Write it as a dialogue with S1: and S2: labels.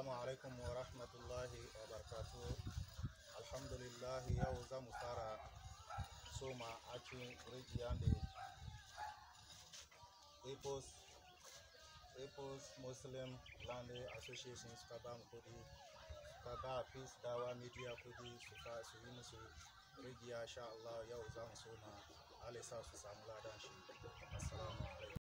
S1: السلام
S2: علیکم ورحمۃ اللہ وبرکاتہ الحمد للہ یوزا مسارا سوما اچھی ریجیانڈی peoples peoples Muslim land associations کبام خودی کبا پیس دعوا میڈیا خودی سکا سوئی مسو ریجیا شاء اللہ یوزا مسوما علیہ صاحب ساملا دانشی